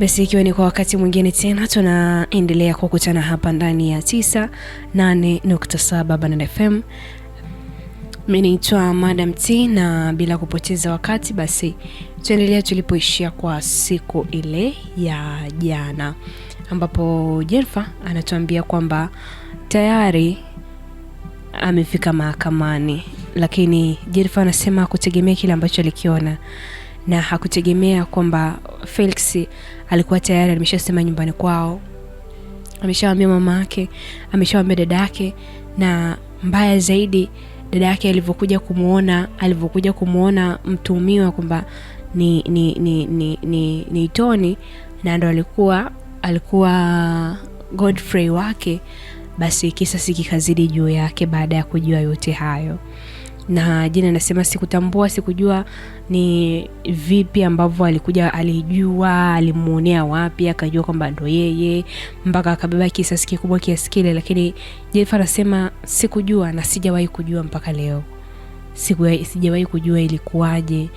Basi ikiwa ni kwa wakati mwingine tena tunaendelea kukutana hapa ndani ya 98.7 Banana FM. Mimi naitwa Madam T na bila kupoteza wakati basi tuendelea tulipoishia kwa siku ile ya jana ambapo Jennifer anatuambia kwamba tayari amefika mahakamani, lakini Jennifer anasema kutegemea kile ambacho alikiona na hakutegemea kwamba Felix alikuwa tayari ameshasema nyumbani kwao, ameshawaambia mama yake, ameshawaambia dada yake, na mbaya zaidi dada yake alivyokuja kumuona, alivyokuja kumuona mtumiwa kwamba ni ni ni ni, ni, ni Toni na ndo alikuwa alikuwa Godfrey wake, basi kisasi kikazidi juu yake baada ya kujua yote hayo na jina anasema sikutambua, sikujua ni vipi ambavyo alikuja, alijua, alimuonea wapi akajua kwamba ndo yeye mpaka akabeba kisasi kikubwa kiasi kile. Lakini Jenifer anasema sikujua na sijawahi kujua mpaka leo, sijawahi kujua ilikuwaje.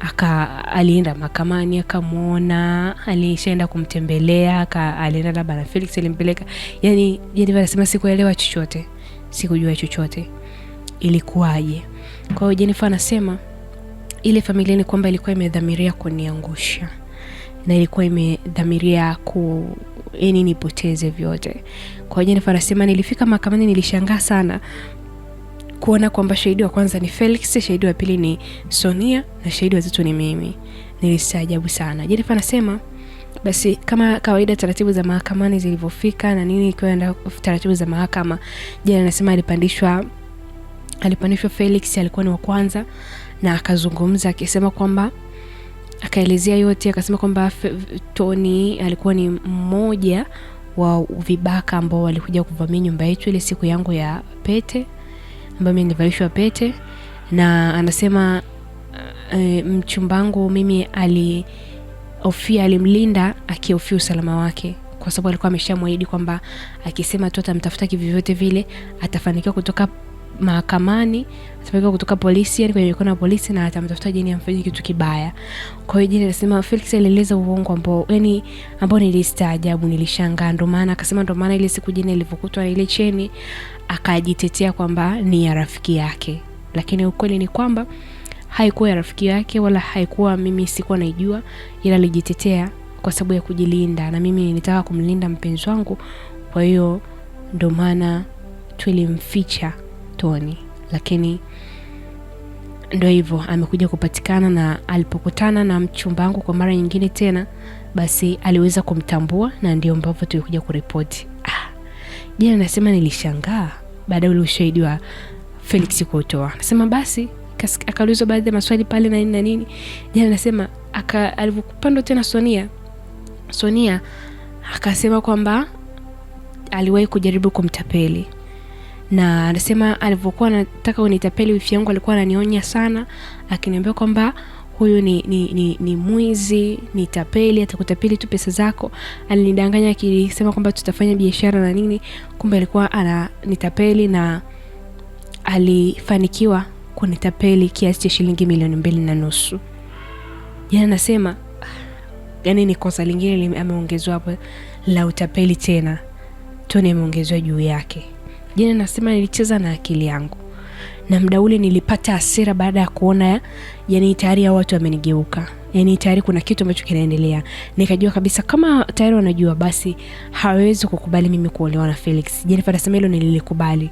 Aka alienda mahakamani akamwona, alishaenda kumtembelea, alienda labda na Felix alimpeleka. Yani Jenifer anasema sikuelewa chochote, sikujua chochote ilikuwaje. Kwa hiyo Jenifer anasema ile familia ni kwamba ilikuwa imedhamiria kuniangusha na ilikuwa imedhamiria ku yani nipoteze vyote. Kwa hiyo Jenifer anasema nilifika mahakamani, nilishangaa sana kuona kwamba shahidi wa kwanza ni Felix, shahidi wa pili ni Sonia na shahidi wa tatu ni mimi. Nilistaajabu sana. Jenifer anasema basi kama kawaida taratibu za mahakamani zilivyofika na nini, ikiwa taratibu za mahakama, Jeni anasema alipandishwa Alipanishwa Felix alikuwa ni wa kwanza na akazungumza akisema kwamba akaelezea yote, akasema kwamba Tony alikuwa ni mmoja wa vibaka ambao walikuja kuvamia nyumba yetu ile siku yangu ya pete ambayo mimi nilivalishwa pete, na anasema e, eh, eh, mchumbangu mimi alihofia, alimlinda akihofia usalama wake kwa sababu alikuwa ameshamwahidi kwamba akisema tu atamtafuta kivyovyote vile atafanikiwa kutoka mahakamani, atapelekwa kutoka polisi, yani kwenye mikono ya polisi, na atamtafuta jini amfanyie kitu kibaya. Kwa hiyo jini anasema Felix alieleza uongo ambao yani ambao nilistaajabu, nilishangaa. Ndo maana akasema, ndo maana ile siku jini alivyokutwa na ile cheni akajitetea kwamba ni ya rafiki yake, lakini ukweli ni kwamba haikuwa ya rafiki yake, wala haikuwa mimi, sikuwa naijua, ila alijitetea kwa sababu ya kujilinda, na mimi nilitaka kumlinda mpenzi wangu, kwa hiyo ndo maana tulimficha motoni, lakini ndo hivyo amekuja kupatikana, na alipokutana na mchumba wangu kwa mara nyingine tena, basi aliweza kumtambua na ndio ambavyo tulikuja kuripoti. Ah, Jina nasema nilishangaa baada ya ule ushahidi wa Felix kutoa, nasema basi akaulizwa baadhi ya maswali pale na nini na nini. Jana nasema alivyopandwa tena Sonia, Sonia akasema kwamba aliwahi kujaribu kumtapeli na anasema alivyokuwa anataka unitapeli wifi yangu alikuwa ananionya sana, akiniambia kwamba huyu ni, ni, ni, ni mwizi, ni tapeli, atakutapeli tu pesa zako. Alinidanganya akisema kwamba tutafanya biashara na nini, kumbe alikuwa ana nitapeli na alifanikiwa kunitapeli kiasi cha shilingi milioni mbili na nusu. Yaani anasema yani ni kosa lingine ameongezwa hapo la utapeli tena, toni ameongezwa juu yake jina nasema nilicheza na akili yangu, na mda ule nilipata asira baada ya kuona yani tayari ya watu wamenigeuka, yani tayari kuna kitu ambacho kinaendelea. Nikajua kabisa kama tayari wanajua, basi hawawezi kukubali mimi kuolewa na Felix. Jenifer anasema hilo nililikubali,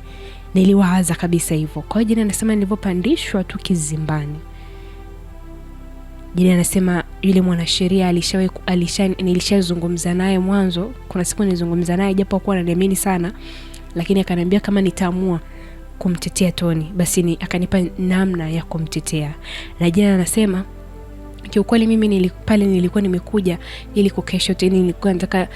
niliwaza kabisa hivyo. Kwa hiyo Jeni anasema nilivyopandishwa tu kizimbani Jini anasema yule mwanasheria alishawahi alisha nilishazungumza naye mwanzo. Kuna siku nilizungumza naye japo hakuwa ananiamini sana, lakini akaniambia kama nitaamua kumtetea Toni basi ni akanipa namna ya kumtetea. jana anasema kiukweli, mimi nili, pale nilikuwa nimekuja ili kukesha tena, nilikuwa nataka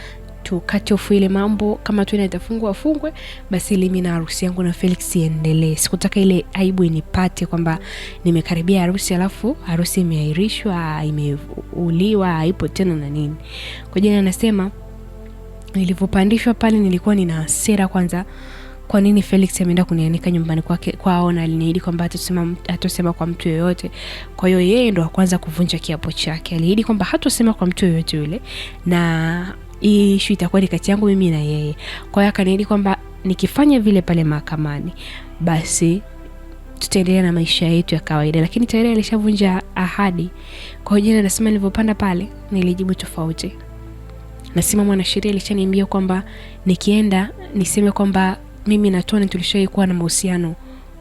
tu cut off ile mambo, kama tu atafungwa afungwe, basi ili mimi na harusi yangu na Felix iendelee. Sikutaka ile aibu inipate kwamba nimekaribia harusi alafu harusi imeahirishwa, imeuliwa, haipo tena na nini. Kwa jana anasema Nilivyopandishwa pale nilikuwa nina sera kwanza, kwa nini Felix ameenda kunianika nyumbani kwake kwao na aliniahidi kwamba hatosema hatosema kwa mtu yoyote. Kwa hiyo yeye ndo kwanza kuvunja kiapo chake, aliahidi kwamba hatosema kwa mtu yoyote yule, na hii ishu itakuwa ni kati yangu mimi na yeye. Kwa hiyo akaniahidi kwamba nikifanya vile pale mahakamani, basi tutaendelea na maisha yetu ya kawaida, lakini tayari alishavunja ahadi. Kwa hiyo jana, nasema nilivyopanda pale nilijibu tofauti. Nasima mwanasheria alishaniambia kwamba nikienda niseme kwamba mimi na Tony tulishawahi kuwa na mahusiano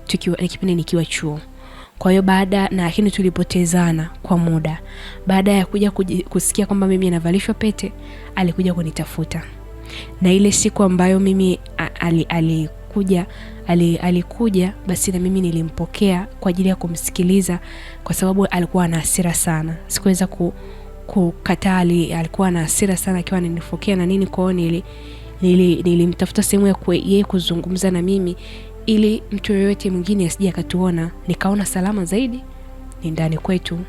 tukiwa eh, kipindi nikiwa chuo. Kwa hiyo baada na lakini tulipotezana kwa muda. Baada ya kuja kusikia kwamba mimi anavalishwa pete, alikuja kunitafuta. Na ile siku ambayo mimi alikuja ali, alikuja basi na mimi nilimpokea kwa ajili ya kumsikiliza kwa sababu alikuwa na hasira sana. Sikuweza ku kukatali, alikuwa na hasira sana akiwa ananifokea na nini. Kwao nilimtafuta nili, sehemu ya yeye kuzungumza na mimi ili mtu yoyote mwingine asije akatuona, nikaona salama zaidi ni ndani kwetu,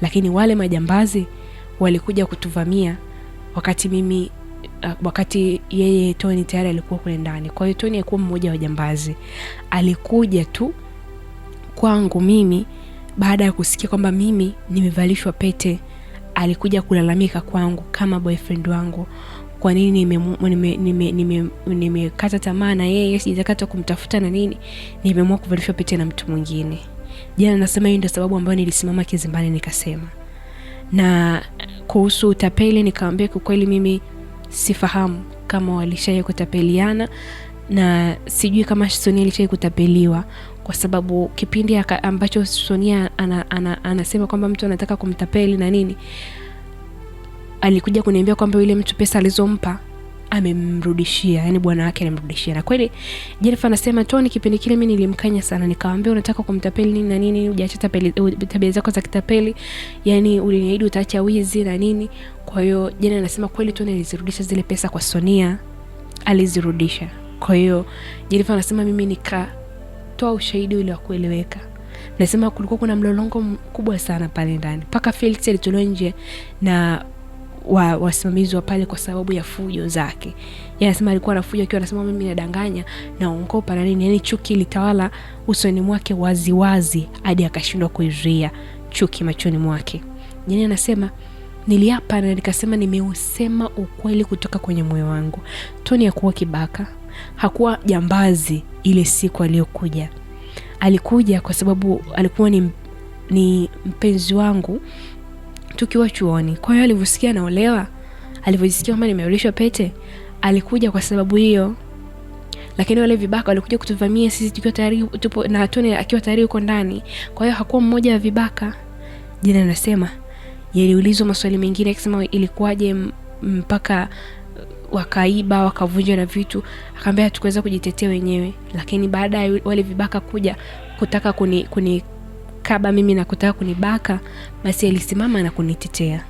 lakini wale majambazi walikuja kutuvamia wakati mimi uh, wakati yeye Tony tayari alikuwa kule ndani. Kwa hiyo Tony alikuwa mmoja wa jambazi, alikuja tu kwangu mimi baada ya kusikia kwamba mimi nimevalishwa pete alikuja kulalamika kwangu kama boyfriend wangu kwa nini nimekata nime, nime, nime, nime tamaa na yeye sijakata kumtafuta na nini, nimeamua kuvalishwa pete na mtu mwingine jana. Nasema hiyo ndio sababu ambayo nilisimama kizimbani nikasema. Na kuhusu utapeli, nikawambia kwa kweli mimi sifahamu kama walishai kutapeliana na sijui kama Sonia alishai kutapeliwa kwa sababu kipindi ambacho Sonia ana, ana, anasema kwamba mtu anataka kumtapeli na nini, alikuja kuniambia kwamba yule mtu pesa alizompa amemrudishia, yani bwana wake alimrudishia. Na kweli Jennifer anasema toni kipindi kile mimi nilimkanya sana, nikamwambia unataka kumtapeli nini na nini, hujaacha tabia zako za kitapeli, yani uliniahidi utaacha wizi na nini. Kwa hiyo Jennifer anasema kweli toni alizirudisha zile pesa kwa Sonia, alizirudisha. Kwa hiyo Jennifer anasema mimi nika toa ushahidi ule wa kueleweka. Nasema kulikuwa kuna mlolongo mkubwa sana pale ndani, mpaka Felix alitolewa nje na wa wasimamizi wa pale kwa sababu ya fujo zake. Yeye anasema alikuwa anafuja akiwa anasema mimi nadanganya naongopa na nini, yaani chuki ilitawala usoni mwake waziwazi hadi akashindwa kuizuia chuki machoni mwake. Yani anasema niliapa na nikasema nimeusema ukweli kutoka kwenye moyo wangu. Toni ya kuwa kibaka hakuwa jambazi ile siku aliyokuja. Alikuja kwa sababu alikuwa ni, ni mpenzi wangu tukiwa chuoni. Kwa hiyo alivyosikia naolewa, alivyojisikia kwamba nimeulishwa pete, alikuja kwa sababu hiyo. Lakini wale vibaka walikuja kutuvamia sisi tukiwa tayari tupo na Tone akiwa tayari yuko ndani. Kwa hiyo hakuwa mmoja wa vibaka. Jina anasema yaliulizwa maswali mengine akisema ilikuwaje mpaka wakaiba wakavunjwa na vitu, akaambia tukuweza kujitetea wenyewe, lakini baada ya wale vibaka kuja kutaka kuni, kuni kaba mimi na kutaka kunibaka, basi alisimama na kunitetea.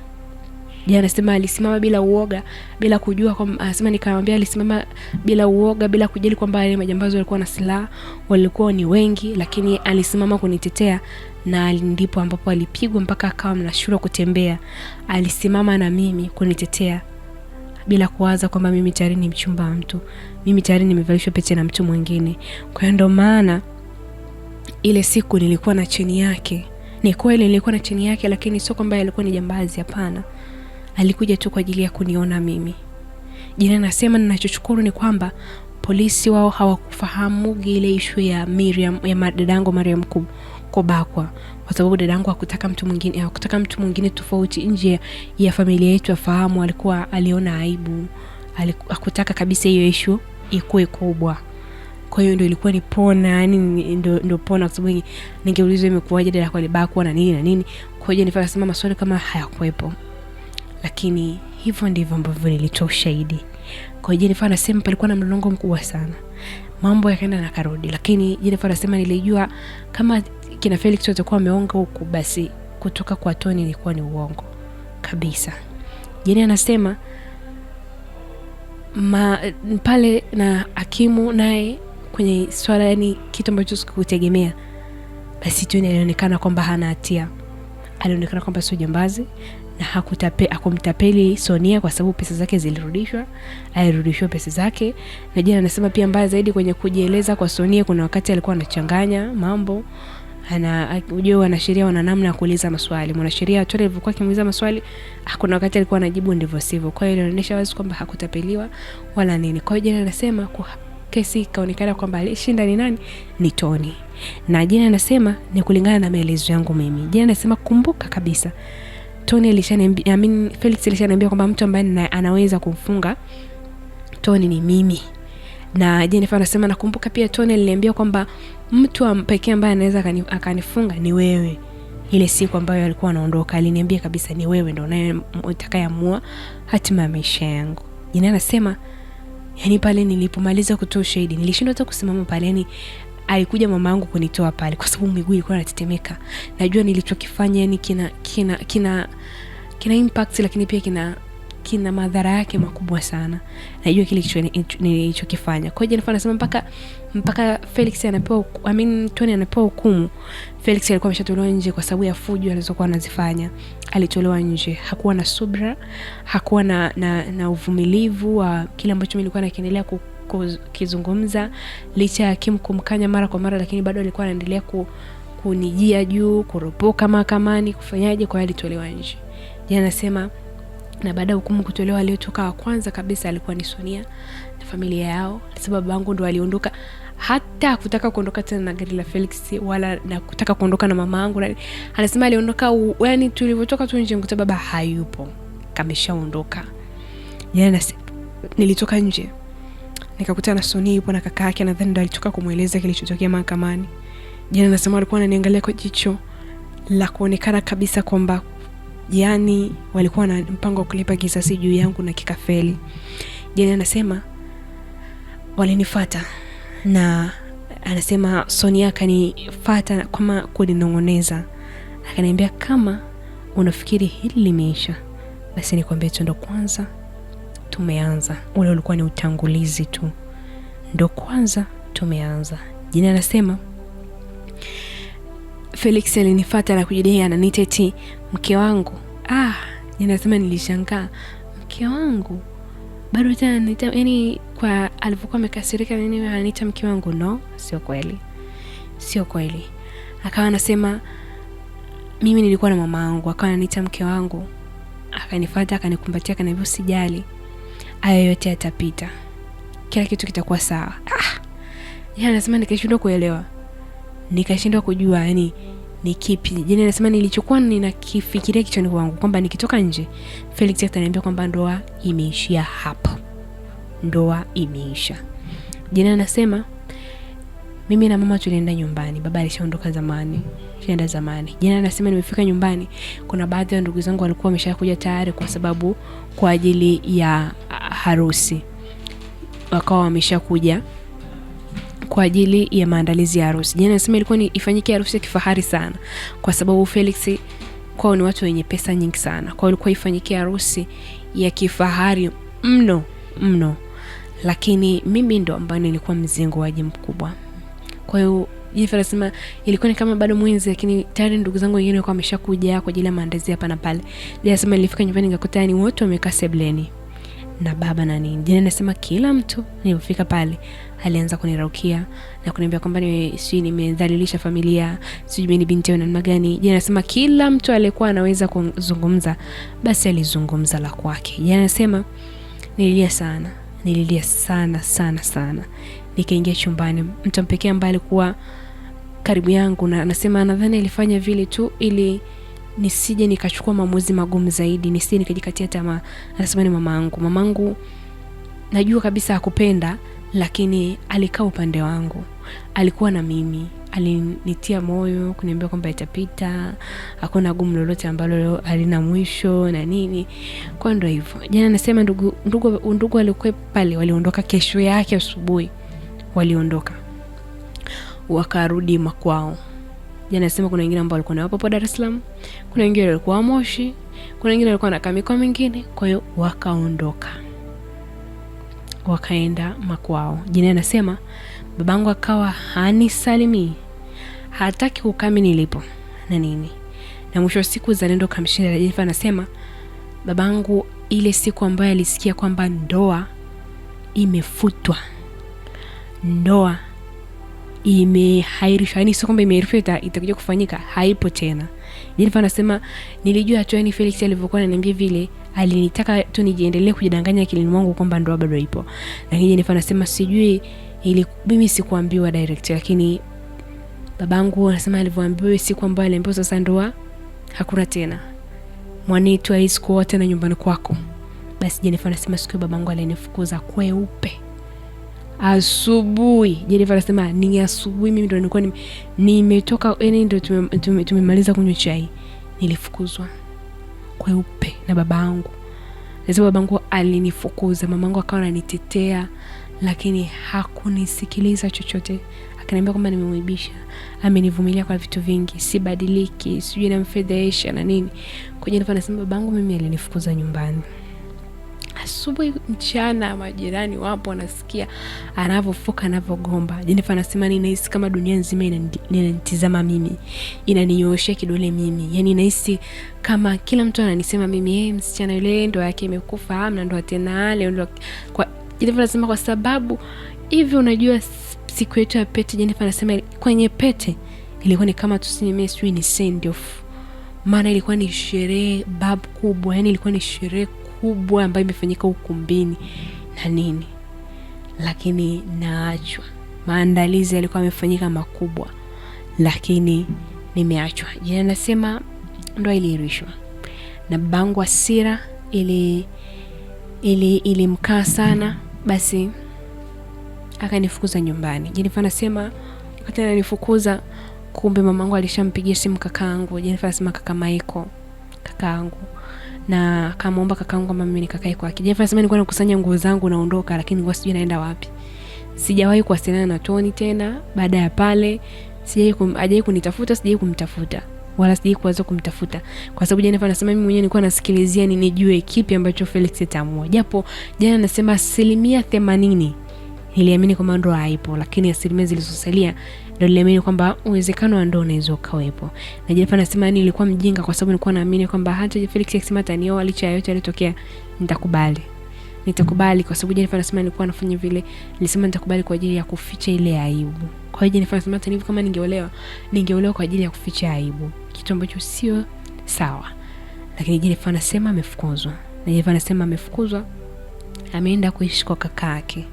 Je, anasema alisimama bila uoga, bila kujua kwamba, anasema nikamwambia, alisimama bila uoga, bila kujali kwamba wale majambazi walikuwa na silaha, walikuwa ni wengi, lakini alisimama kunitetea, na ndipo ambapo alipigwa mpaka akawa mnashura kutembea. Alisimama na mimi kunitetea bila kuwaza kwamba mimi tayari ni mchumba wa mtu, mimi tayari nimevalishwa pete na mtu mwingine. Kwa hiyo ndo maana ile siku nilikuwa na chini yake. Ni kweli nilikuwa na chini yake, lakini sio kwamba alikuwa ni jambazi, hapana. Alikuja tu kwa ajili ya kuniona mimi. Jina nasema, ninachoshukuru ni kwamba polisi wao hawakufahamu ile ishu ya Miriam, ya dada Mariam Kubu kobakwa, kwa sababu dadangu yangu hakutaka mtu mwingine, hakutaka mtu mwingine tofauti nje ya familia yetu afahamu. Alikuwa aliona aibu, hakutaka kabisa hiyo ishu ikuwe kubwa. Kwa hiyo ndo ilikuwa ni pona, yani ndo, ndo pona, kwa sababu ningeulizwa imekuaje dada yako alibakwa na nini na nini. Kwa hiyo nilifanya sema maswali kama hayakuwepo, lakini hivyo ndivyo ambavyo nilitoa ushahidi. Kwa hiyo Jenifa anasema palikuwa na mlolongo mkubwa sana, mambo yakaenda na karudi, lakini Jenifa anasema nilijua kama kina Felix watakuwa wameonga huku, basi kutoka kwa Tony ilikuwa ni uongo kabisa. Jeni anasema ma, pale na hakimu naye kwenye swala, yani kitu ambacho sikutegemea, basi Tony alionekana kwamba hana hatia, alionekana kwamba sio jambazi na hakutape, hakumtapeli Sonia kwa sababu pesa zake zilirudishwa, alirudishiwa pesa zake. Na Jeni anasema pia mbaya zaidi kwenye kujieleza kwa Sonia, kuna wakati alikuwa anachanganya mambo ana ujue wanasheria wana namna ya kuuliza maswali. Mwanasheria Atwale alivyokuwa akimuuliza maswali, hakuna ah, wakati alikuwa anajibu ndivyo sivyo. Kwa hiyo inaonyesha wazi kwamba hakutapeliwa wala nini. Kwa hiyo jana anasema kesi ikaonekana kwamba alishinda ni nani? Ni Tony. Na jana anasema ni kulingana na maelezo yangu mimi. Jana anasema kumbuka kabisa Tony alishaniambia, I mean Felix alishaniambia kwamba mtu ambaye anaweza kumfunga Tony ni mimi. Na Jennifer anasema nakumbuka pia Tony aliniambia kwamba mtu pekee ambaye anaweza akanifunga ni wewe. Ile siku ambayo alikuwa anaondoka aliniambia kabisa, ni wewe ndo utakayeamua hatima ya maisha yangu. Jina anasema yani, pale nilipomaliza kutoa ushahidi nilishindwa hata kusimama pale, yani alikuja mama yangu kunitoa pale, kwa sababu miguu ilikuwa inatetemeka. Najua nilichokifanya yani kina kina kina kina impact, lakini pia kina kina madhara yake makubwa sana. Najua kile nilichokifanya. Kwa hiyo Jenifer anasema mpaka mpaka Felix anapewa I mean Tony anapewa hukumu. Felix alikuwa ameshatolewa nje kwa sababu ya fujo alizokuwa anazifanya. Alitolewa nje. Hakuwa na subra, hakuwa na na, na uvumilivu wa kile ambacho mimi nilikuwa nakiendelea kuzungumza licha ya Kim kumkanya mara kwa mara, lakini bado alikuwa anaendelea ku, kunijia juu, kuropoka mahakamani, kufanyaje? Kwa alitolewa nje. Jana anasema na baada ya hukumu kutolewa, aliyotoka wa kwanza kabisa alikuwa ni Sonia na familia yao. Sababu babangu ndo aliondoka, hata kutaka kuondoka tena na gari la Felix wala na kutaka kuondoka na mama yangu. Anasema aliondoka, yani tulivyotoka tu nje mkuta baba hayupo, kameshaondoka. Jana nilitoka nje nikakutana na Sonia yupo na kaka yake, nadhani ndo alitoka kumweleza kilichotokea mahakamani. Jana anasema alikuwa ananiangalia kwa jicho la kuonekana kabisa kwamba Jani walikuwa na mpango wa kulipa kisasi juu yangu na kikafeli. Jani anasema walinifata na anasema Sonia akanifata kama kuninong'oneza, akaniambia kama unafikiri hili limeisha, basi nikwambie tu, ndo kwanza tumeanza. Ule ulikuwa ni utangulizi tu, ndo kwanza tumeanza. Jina anasema Felix alinifata na kujidai ananiita eti mke wangu. Ah, ninasema nilishangaa, mke wangu bado tena yani kwa alivyokuwa amekasirika nini ananiita mke wangu? No, sio kweli, sio kweli. Akawa anasema mimi nilikuwa na mama angu akawa ananiita mke wangu, akanifata, akanikumbatia, akaniambia sijali haya yote yatapita, kila kitu kitakuwa sawa. Ah, yani anasema nikashindwa kuelewa, nikashindwa kujua yani ni kipi? Jeni yaani anasema nilichokuwa ninakifikiria kichwani kwangu kwamba nikitoka nje Felix ataniambia kwamba ndoa imeishia hapo, ndoa imeisha. Jeni yaani anasema mimi na mama tulienda nyumbani, baba alishaondoka zamani, shaenda zamani. Jeni yaani anasema nimefika nyumbani, kuna baadhi ya ndugu zangu walikuwa wameshakuja tayari, kwa sababu kwa ajili ya harusi wakawa wameshakuja kwa ajili ya maandalizi ya harusi. Jana nasema ilikuwa ni ifanyike harusi ya kifahari sana, kwa sababu Felix kwao ni watu wenye pesa nyingi sana, kwao ilikuwa ifanyike harusi ya kifahari mno mno, lakini mimi ndo ambaye nilikuwa mzingo waji mkubwa. Kwa hiyo Jennifer anasema ilikuwa ni kama bado mwenzi, lakini tayari ndugu zangu wengine walikuwa wameshakuja kwa ajili ya maandalizi hapa na pale. Jennifer anasema nilifika nyumbani nikakuta ni yaani wote wamekaa sebleni na baba na nini. Jana nasema kila mtu nilipofika pale alianza kuniraukia na kuniambia kwamba ni sijui nimedhalilisha familia, sijui mimi ni binti yao namna gani. Jana nasema kila mtu aliyekuwa anaweza kuzungumza basi alizungumza la kwake. Jana nasema nililia sana, nililia sana sana sana. Nikaingia chumbani, mtu pekee ambaye alikuwa karibu yangu na anasema nadhani alifanya vile tu ili nisije nikachukua maamuzi magumu zaidi, nisije nikajikatia tamaa. Anasema ni mama mamangu najua kabisa hakupenda, lakini alikaa upande wangu, alikuwa na mimi, alinitia moyo, kuniambia kwamba itapita, hakuna gumu lolote ambalo halina mwisho na nini. Kwa ndo hivyo jana, anasema ndugu ndugu ndugu alikuwa pale, waliondoka kesho yake asubuhi, waliondoka wakarudi makwao. Jana yaani sema kuna wengine ambao walikuwa hapo Dar es Salaam, kuna wengine walikuwa Moshi, kuna wengine walikuwa na mikoa mingine, kwa hiyo wakaondoka wakaenda makwao. Jina anasema babangu akawa hanisalimii, hataki ukame nilipo na nini, na mwisho wa siku Zalendo kamshinda Rajifa. Anasema babangu ile siku ambayo alisikia kwamba ndoa imefutwa, ndoa imehairishwa, yani sio kwamba imehairishwa itakuja kufanyika, haipo tena. Jenifer yaani anasema nilijua tu yani Felix alivyokuwa ananiambia vile, alinitaka tu nijiendelee kujidanganya akilini mwangu kwamba ndoa bado ipo. Lakini Jenifer anasema sijui, ili mimi sikuambiwa direct, lakini babangu anasema alivyoambiwa siku ambayo aliambiwa sasa ndoa hakuna tena, mwanitu hawezi tena nyumbani kwako. Basi Jenifer anasema siku babangu alinifukuza kweupe asubuhi. Jenifer anasema ni asubuhi, mimi ndo nilikuwa nimetoka, yani ndo tumemaliza kunywa chai, nilifukuzwa kweupe na babangu. Nasema babangu alinifukuza, mamangu akawa ananitetea, lakini hakunisikiliza chochote akaniambia kwamba nimemwibisha, amenivumilia kwa vitu vingi, sibadiliki, sijui namfedhesha na nini. Kwa Jenifa anasema babangu mimi alinifukuza nyumbani asubuhi mchana, majirani wapo wanasikia anavyofoka anavyogomba. Jenifa anasema ninahisi kama dunia nzima inanitizama mimi, inaninyoosha kidole mimi, yani nahisi kama kila mtu ananisema mimi, hey, eh, msichana yule ndo yake imekufa, amna ndo tena ale. kwa Jenifa anasema kwa sababu hivi, unajua siku yetu ya pete, Jenifa anasema kwenye pete ilikuwa ni kama tusinyemee, sijui ni send off, maana ilikuwa ni sherehe bab kubwa, yani ilikuwa ni sherehe kubwa ambayo imefanyika ukumbini na nini, lakini naachwa. Maandalizi yalikuwa yamefanyika makubwa, lakini nimeachwa. Jina nasema ndoa iliirishwa na babangu Asira ili ili ilimkaa sana, basi akanifukuza nyumbani. Jenifa anasema wakati ananifukuza, kumbe mamangu alishampigia simu kakaangu. Jenifa anasema kaka Maiko, kakaangu na akamwomba kakaangu kwamba mimi nikakae kwake. jeff anasema nilikuwa nakusanya nguo zangu naondoka, lakini nilikuwa sijui naenda wapi. Sijawahi kuwasiliana na Tony tena baada ya pale, sijawahi kunitafuta, sijawahi kumtafuta wala sijai kuwaza kumtafuta kwa sababu Jenifer anasema mimi mwenyewe nilikuwa nasikilizia ni nijue kipi ambacho Felix ataamua, japo jana anasema asilimia themanini niliamini kwamba ndoa haipo, lakini asilimia zilizosalia ndo niliamini kwamba uwezekano wa ndoa unaweza ukawepo. Na Jenifer anasema yani, nilikuwa mjinga kwa sababu nilikuwa naamini kwamba hata Felix akisema atanioa licha ya yote yaliyotokea, nitakubali nitakubali kwa sababu Jenifer anasema nilikuwa nafanya vile, nilisema nitakubali kwa ajili ya kuficha ile aibu. Kwa hiyo Jenifer anasema hata kama ningeolewa, ningeolewa kwa ajili ya kuficha aibu, kitu ambacho sio sawa. Lakini Jenifer anasema amefukuzwa, na Jenifer anasema amefukuzwa, ameenda kuishi kwa kaka yake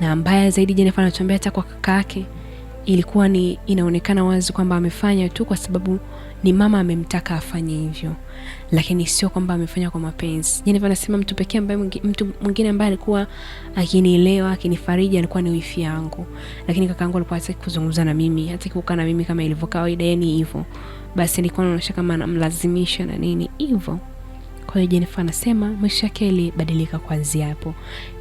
na mbaya zaidi, Jennifer anatuambia hata kwa kaka yake ilikuwa ni inaonekana wazi kwamba amefanya tu kwa sababu ni mama amemtaka afanye hivyo, lakini sio kwamba amefanya kwa mapenzi. Jennifer anasema mtu pekee ambaye mtu mwingine ambaye alikuwa akinielewa akinifariji alikuwa ni wifi yangu, lakini kakaangu alikuwa hataki kuzungumza na mimi, hataki kukaa na mimi kama ilivyo kawaida, yani hivyo basi, nilikuwa naona kama namlazimisha na nini hivyo. Kwa hiyo Jenifer anasema maisha yake yalibadilika kuanzia hapo.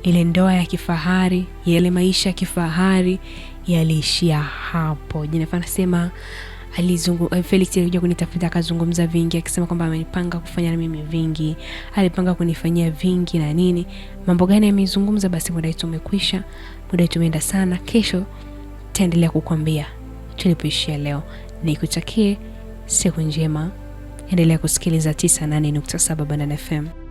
Ile ndoa ya kifahari, yale maisha ya kifahari yaliishia hapo. Jenifer anasema alizungu, eh, Felix alikuja kunitafuta akazungumza vingi, akisema kwamba amenipanga kufanya na mimi vingi, alipanga kunifanyia vingi na nini. Mambo gani amezungumza? Basi muda wetu umekwisha, muda wetu umeenda sana. Kesho taendelea kukwambia tulipoishia leo. Nikutakie siku njema. Endelea kusikiliza 98.7 Banana FM.